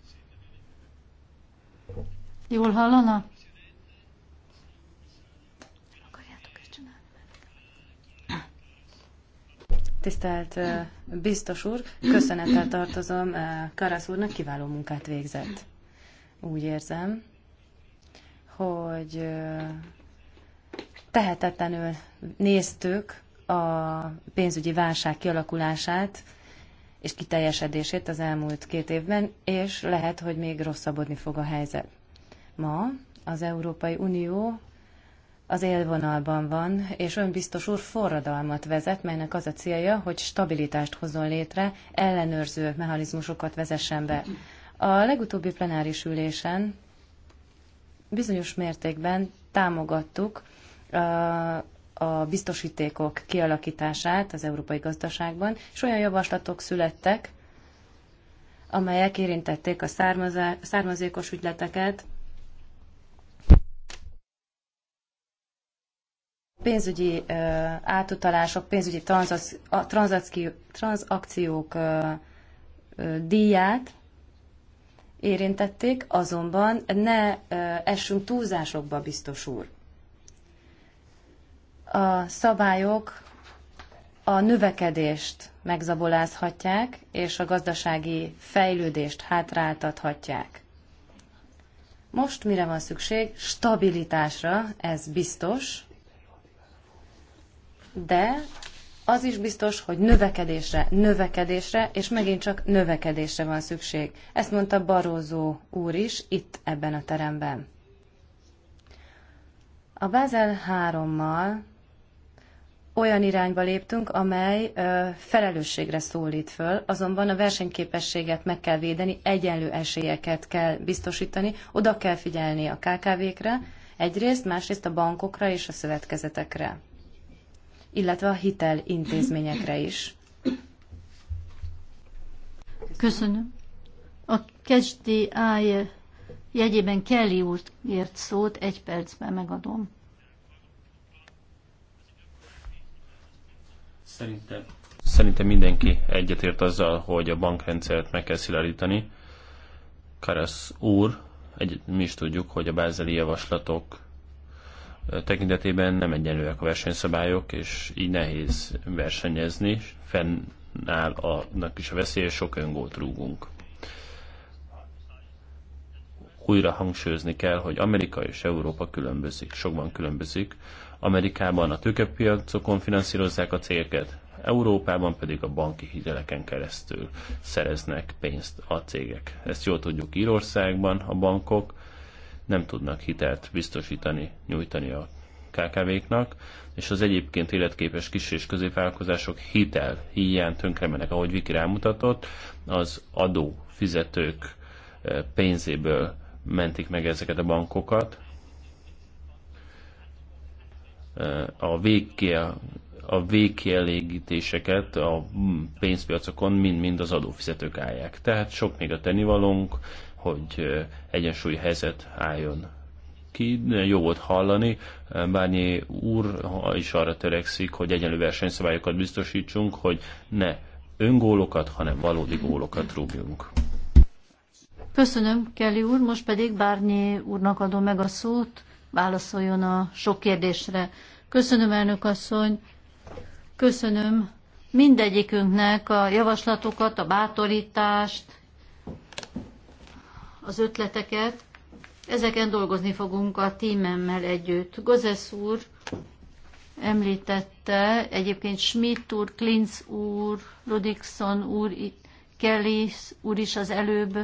Jól hallana? Tisztelt biztos úr, köszönettel tartozom Karasz úrnak, kiváló munkát végzett. Úgy érzem, hogy tehetetlenül néztük a pénzügyi válság kialakulását és kiteljesedését az elmúlt két évben, és lehet, hogy még rosszabbodni fog a helyzet. Ma az Európai Unió az élvonalban van, és önbiztos úr forradalmat vezet, melynek az a célja, hogy stabilitást hozzon létre, ellenőrző mechanizmusokat vezessen be. A legutóbbi plenáris ülésen bizonyos mértékben támogattuk a biztosítékok kialakítását az európai gazdaságban, és olyan javaslatok születtek, amelyek érintették a származékos ügyleteket, pénzügyi átutalások, pénzügyi tranzakciók díját érintették, azonban ne essünk túlzásokba, biztos úr. A szabályok a növekedést megzabolázhatják, és a gazdasági fejlődést hátráltathatják. Most mire van szükség? Stabilitásra, ez biztos de az is biztos, hogy növekedésre, növekedésre, és megint csak növekedésre van szükség. Ezt mondta Barózó úr is itt ebben a teremben. A Bázel 3-mal olyan irányba léptünk, amely ö, felelősségre szólít föl, azonban a versenyképességet meg kell védeni, egyenlő esélyeket kell biztosítani, oda kell figyelni a KKV-kre, egyrészt, másrészt a bankokra és a szövetkezetekre illetve a hitel intézményekre is. Köszönöm. A KSDI jegyében Kelly úr ért szót, egy percben megadom. Szerintem, szerintem mindenki egyetért azzal, hogy a bankrendszert meg kell szilárdítani. Karasz úr, egy, mi is tudjuk, hogy a bázeli javaslatok tekintetében nem egyenlőek a versenyszabályok, és így nehéz versenyezni, fennáll annak is a és sok öngót rúgunk. Újra hangsúlyozni kell, hogy Amerika és Európa különbözik, sokban különbözik. Amerikában a tőkepiacokon finanszírozzák a cégeket, Európában pedig a banki hiteleken keresztül szereznek pénzt a cégek. Ezt jól tudjuk Írországban a bankok, nem tudnak hitelt biztosítani, nyújtani a KKV-knak, és az egyébként életképes kis és középvállalkozások hitel hiány tönkremenek, ahogy Viki rámutatott, az adó fizetők eh, pénzéből mentik meg ezeket a bankokat. Eh, a, végkiel, a végkielégítéseket a mm, pénzpiacokon mind-mind az adófizetők állják. Tehát sok még a tennivalónk, hogy egyensúly helyzet álljon ki. Jó volt hallani. Bányi úr is arra törekszik, hogy egyenlő versenyszabályokat biztosítsunk, hogy ne öngólokat, hanem valódi gólokat rúgjunk. Köszönöm, Kelly úr. Most pedig bárnyi úrnak adom meg a szót, válaszoljon a sok kérdésre. Köszönöm, elnök asszony. Köszönöm mindegyikünknek a javaslatokat, a bátorítást, az ötleteket. Ezeken dolgozni fogunk a tímemmel együtt. Gozesz úr említette, egyébként Schmidt úr, Klinz úr, Ludikson úr, Kelly úr is az előbb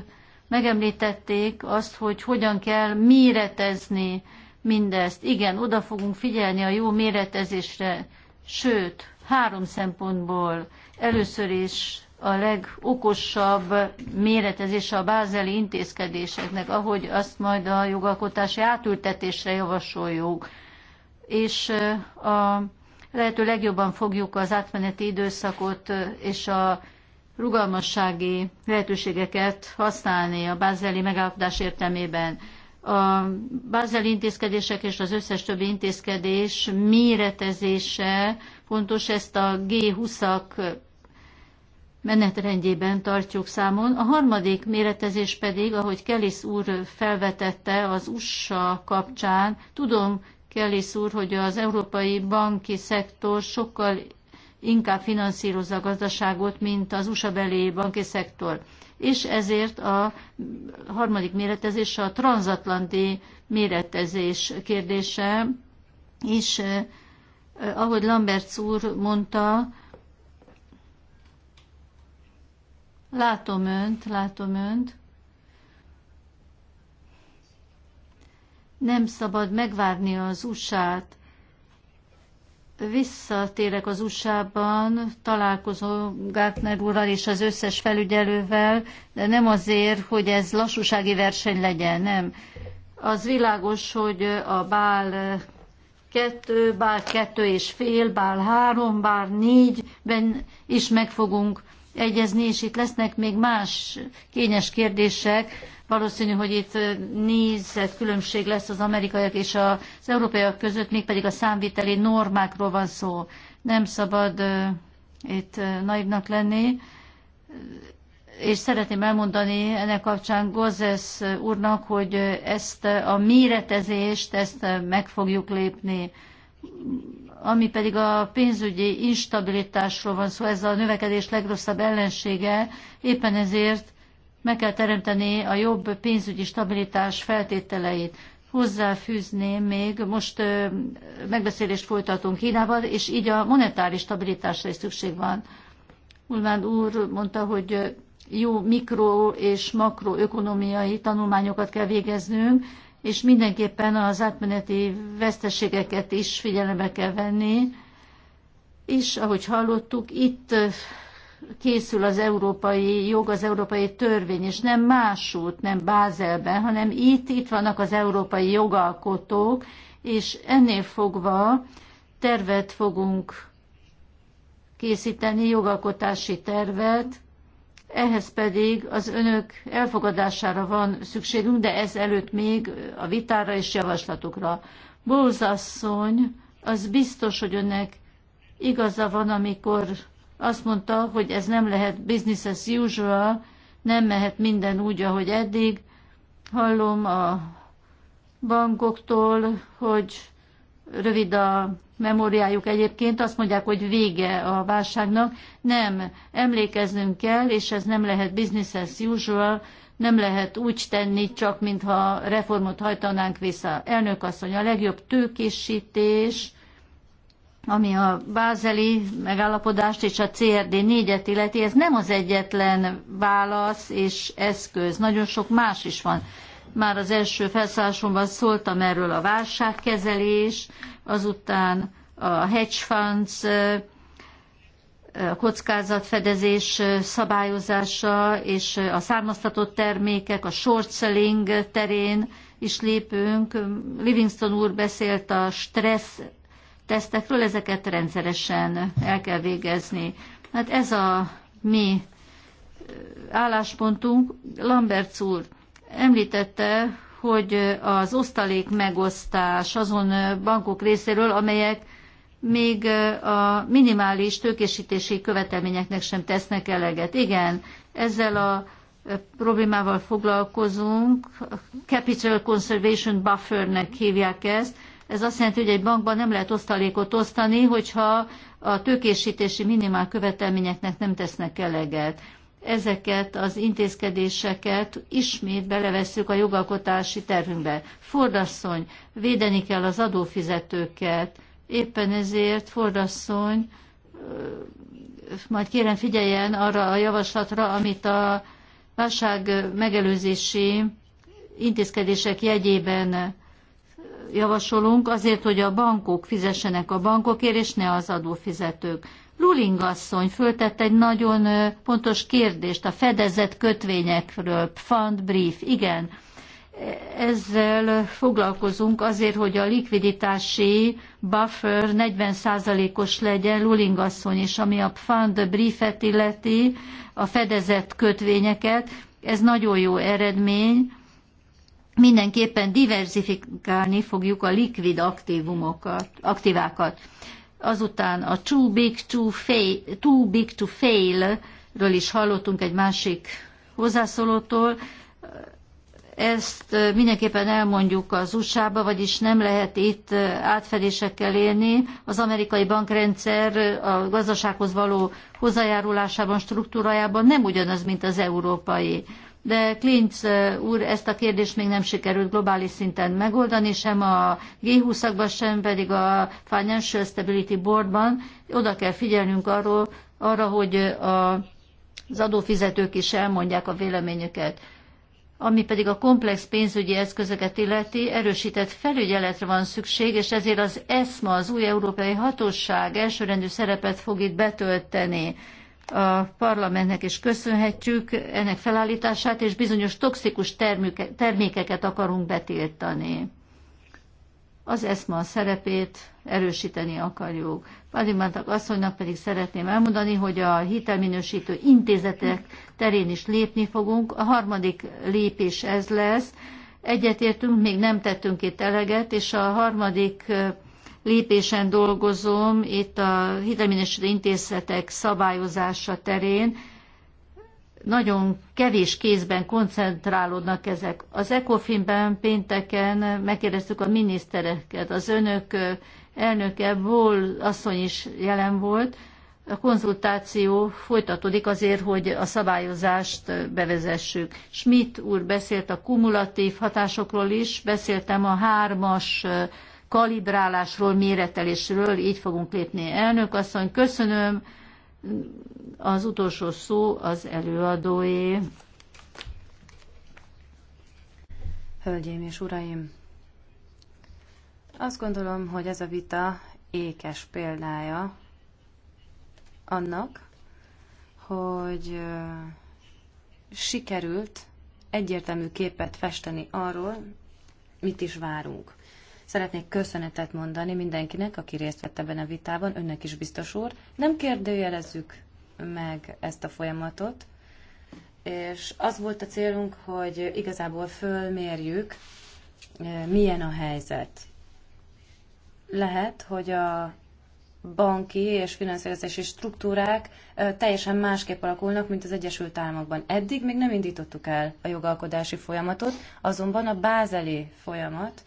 megemlítették azt, hogy hogyan kell méretezni mindezt. Igen, oda fogunk figyelni a jó méretezésre, sőt, három szempontból. Először is a legokosabb méretezése a bázeli intézkedéseknek, ahogy azt majd a jogalkotási átültetésre javasoljuk. És a lehető legjobban fogjuk az átmeneti időszakot és a rugalmassági lehetőségeket használni a bázeli megállapodás értelmében. A bázeli intézkedések és az összes többi intézkedés méretezése fontos, ezt a G20-ak menetrendjében tartjuk számon. A harmadik méretezés pedig, ahogy Kelis úr felvetette az USA kapcsán, tudom, Kelis úr, hogy az európai banki szektor sokkal inkább finanszírozza a gazdaságot, mint az USA beli banki szektor. És ezért a harmadik méretezés a transatlanti méretezés kérdése, és eh, ahogy Lamberts úr mondta, Látom önt, látom önt. Nem szabad megvárni az USA-t. Visszatérek az USA-ban, találkozom Gartner úrral és az összes felügyelővel, de nem azért, hogy ez lassúsági verseny legyen, nem. Az világos, hogy a bál kettő, bár kettő és fél, bár három, bár négyben is meg fogunk egyezni, és itt lesznek még más kényes kérdések. Valószínű, hogy itt nézett különbség lesz az amerikaiak és az európaiak között, mégpedig a számviteli normákról van szó. Nem szabad itt naivnak lenni, és szeretném elmondani ennek kapcsán Gozes úrnak, hogy ezt a méretezést, ezt meg fogjuk lépni ami pedig a pénzügyi instabilitásról van szó, ez a növekedés legrosszabb ellensége, éppen ezért meg kell teremteni a jobb pénzügyi stabilitás feltételeit. Hozzáfűzném még, most megbeszélést folytatunk Kínával, és így a monetáris stabilitásra is szükség van. Ulmán úr mondta, hogy jó mikro- és makroökonomiai tanulmányokat kell végeznünk, és mindenképpen az átmeneti veszteségeket is figyelembe kell venni, és ahogy hallottuk, itt készül az európai jog, az európai törvény, és nem másút, nem Bázelben, hanem itt, itt vannak az európai jogalkotók, és ennél fogva tervet fogunk készíteni, jogalkotási tervet, ehhez pedig az önök elfogadására van szükségünk, de ez előtt még a vitára és javaslatokra. Bózasszony, az biztos, hogy önnek igaza van, amikor azt mondta, hogy ez nem lehet business as usual, nem mehet minden úgy, ahogy eddig. Hallom a bankoktól, hogy rövid a memóriájuk egyébként, azt mondják, hogy vége a válságnak. Nem, emlékeznünk kell, és ez nem lehet business as usual, nem lehet úgy tenni, csak mintha reformot hajtanánk vissza. Elnök asszony, a legjobb tőkésítés, ami a bázeli megállapodást és a CRD négyet illeti, ez nem az egyetlen válasz és eszköz, nagyon sok más is van. Már az első felszállásomban szóltam erről a válságkezelés, azután a hedge funds, a kockázatfedezés szabályozása és a származtatott termékek, a short selling terén is lépünk. Livingston úr beszélt a stressz tesztekről, ezeket rendszeresen el kell végezni. Hát ez a mi álláspontunk. Lambert úr, Említette, hogy az osztalék megosztás azon bankok részéről, amelyek még a minimális tőkésítési követelményeknek sem tesznek eleget. Igen, ezzel a problémával foglalkozunk, Capital Conservation Buffernek hívják ezt. Ez azt jelenti, hogy egy bankban nem lehet osztalékot osztani, hogyha a tőkésítési minimál követelményeknek nem tesznek eleget ezeket az intézkedéseket ismét belevesszük a jogalkotási tervünkbe. Fordasszony, védeni kell az adófizetőket, éppen ezért Fordasszony majd kérem figyeljen arra a javaslatra, amit a válság megelőzési intézkedések jegyében javasolunk, azért, hogy a bankok fizessenek a bankokért, és ne az adófizetők. Luling asszony föltett egy nagyon pontos kérdést a fedezett kötvényekről, fund brief, igen. Ezzel foglalkozunk azért, hogy a likviditási buffer 40%-os legyen, Luling asszony is, ami a fund briefet illeti, a fedezett kötvényeket. Ez nagyon jó eredmény. Mindenképpen diversifikálni fogjuk a likvid aktívumokat, aktívákat azután a Too Big to Fail, too big to fail ről is hallottunk egy másik hozzászólótól. Ezt mindenképpen elmondjuk az USA-ba, vagyis nem lehet itt átfedésekkel élni. Az amerikai bankrendszer a gazdasághoz való hozzájárulásában, struktúrájában nem ugyanaz, mint az európai de Klintz úr ezt a kérdést még nem sikerült globális szinten megoldani, sem a G20-akban, sem pedig a Financial Stability Boardban. Oda kell figyelnünk arról, arra, hogy a, az adófizetők is elmondják a véleményüket. Ami pedig a komplex pénzügyi eszközöket illeti, erősített felügyeletre van szükség, és ezért az ESMA, az új európai hatóság elsőrendű szerepet fog itt betölteni a parlamentnek is köszönhetjük ennek felállítását, és bizonyos toxikus termüke, termékeket akarunk betiltani. Az ESMA szerepét erősíteni akarjuk. Pálimántak asszonynak pedig szeretném elmondani, hogy a hitelminősítő intézetek terén is lépni fogunk. A harmadik lépés ez lesz. Egyetértünk, még nem tettünk itt eleget, és a harmadik lépésen dolgozom itt a hitelminősítő intézetek szabályozása terén. Nagyon kevés kézben koncentrálódnak ezek. Az ECOFIN-ben pénteken megkérdeztük a minisztereket, az önök elnöke, Ból asszony is jelen volt, a konzultáció folytatódik azért, hogy a szabályozást bevezessük. Schmidt úr beszélt a kumulatív hatásokról is, beszéltem a hármas kalibrálásról, méretelésről, így fogunk lépni. Elnök asszony, köszönöm. Az utolsó szó az előadóé. Hölgyeim és uraim, azt gondolom, hogy ez a vita ékes példája annak, hogy sikerült egyértelmű képet festeni arról, mit is várunk. Szeretnék köszönetet mondani mindenkinek, aki részt vett ebben a vitában, önnek is biztos úr. Nem kérdőjelezzük meg ezt a folyamatot, és az volt a célunk, hogy igazából fölmérjük, eh, milyen a helyzet. Lehet, hogy a banki és finanszírozási struktúrák eh, teljesen másképp alakulnak, mint az Egyesült Államokban. Eddig még nem indítottuk el a jogalkodási folyamatot, azonban a bázeli folyamat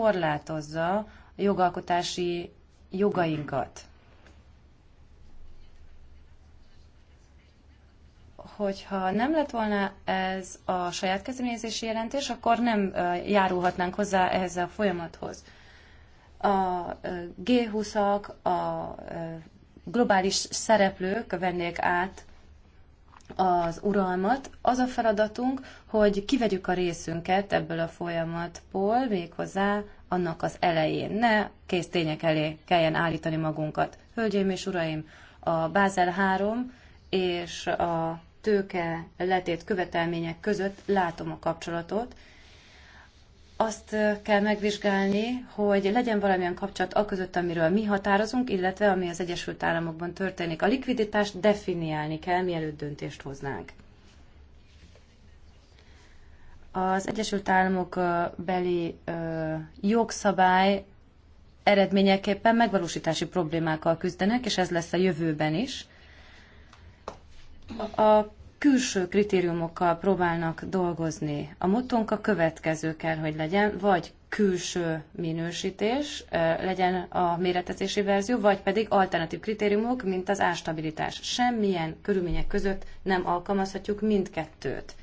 korlátozza a jogalkotási jogainkat. hogyha nem lett volna ez a saját kezdeményezési jelentés, akkor nem járulhatnánk hozzá ehhez a folyamathoz. A G20-ak, a globális szereplők vennék át az uralmat. Az a feladatunk, hogy kivegyük a részünket ebből a folyamatból, méghozzá annak az elején. Ne kész tények elé kelljen állítani magunkat. Hölgyeim és uraim, a Bázel 3 és a tőke letét követelmények között látom a kapcsolatot, azt kell megvizsgálni, hogy legyen valamilyen kapcsolat a között, amiről mi határozunk, illetve ami az Egyesült Államokban történik. A likviditást definiálni kell, mielőtt döntést hoznánk. Az Egyesült Államok beli jogszabály eredményeképpen megvalósítási problémákkal küzdenek, és ez lesz a jövőben is. A külső kritériumokkal próbálnak dolgozni. A motónk a következő kell, hogy legyen, vagy külső minősítés legyen a méretezési verzió, vagy pedig alternatív kritériumok, mint az ástabilitás. Semmilyen körülmények között nem alkalmazhatjuk mindkettőt.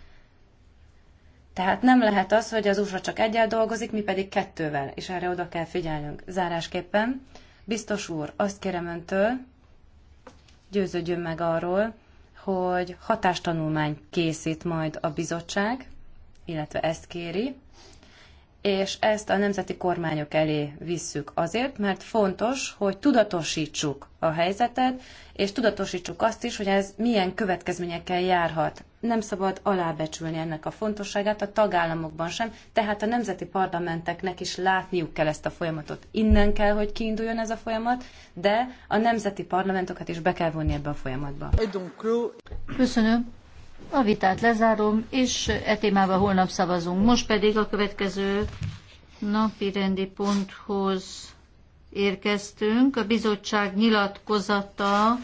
Tehát nem lehet az, hogy az USA csak egyel dolgozik, mi pedig kettővel, és erre oda kell figyelnünk. Zárásképpen, biztos úr, azt kérem öntől, győződjön meg arról, hogy hatástanulmányt készít majd a bizottság, illetve ezt kéri, és ezt a nemzeti kormányok elé visszük azért, mert fontos, hogy tudatosítsuk a helyzetet, és tudatosítsuk azt is, hogy ez milyen következményekkel járhat. Nem szabad alábecsülni ennek a fontosságát a tagállamokban sem, tehát a nemzeti parlamenteknek is látniuk kell ezt a folyamatot. Innen kell, hogy kiinduljon ez a folyamat, de a nemzeti parlamentokat is be kell vonni ebbe a folyamatba. Köszönöm. A vitát lezárom, és e témával holnap szavazunk. Most pedig a következő napi rendi ponthoz érkeztünk. A bizottság nyilatkozata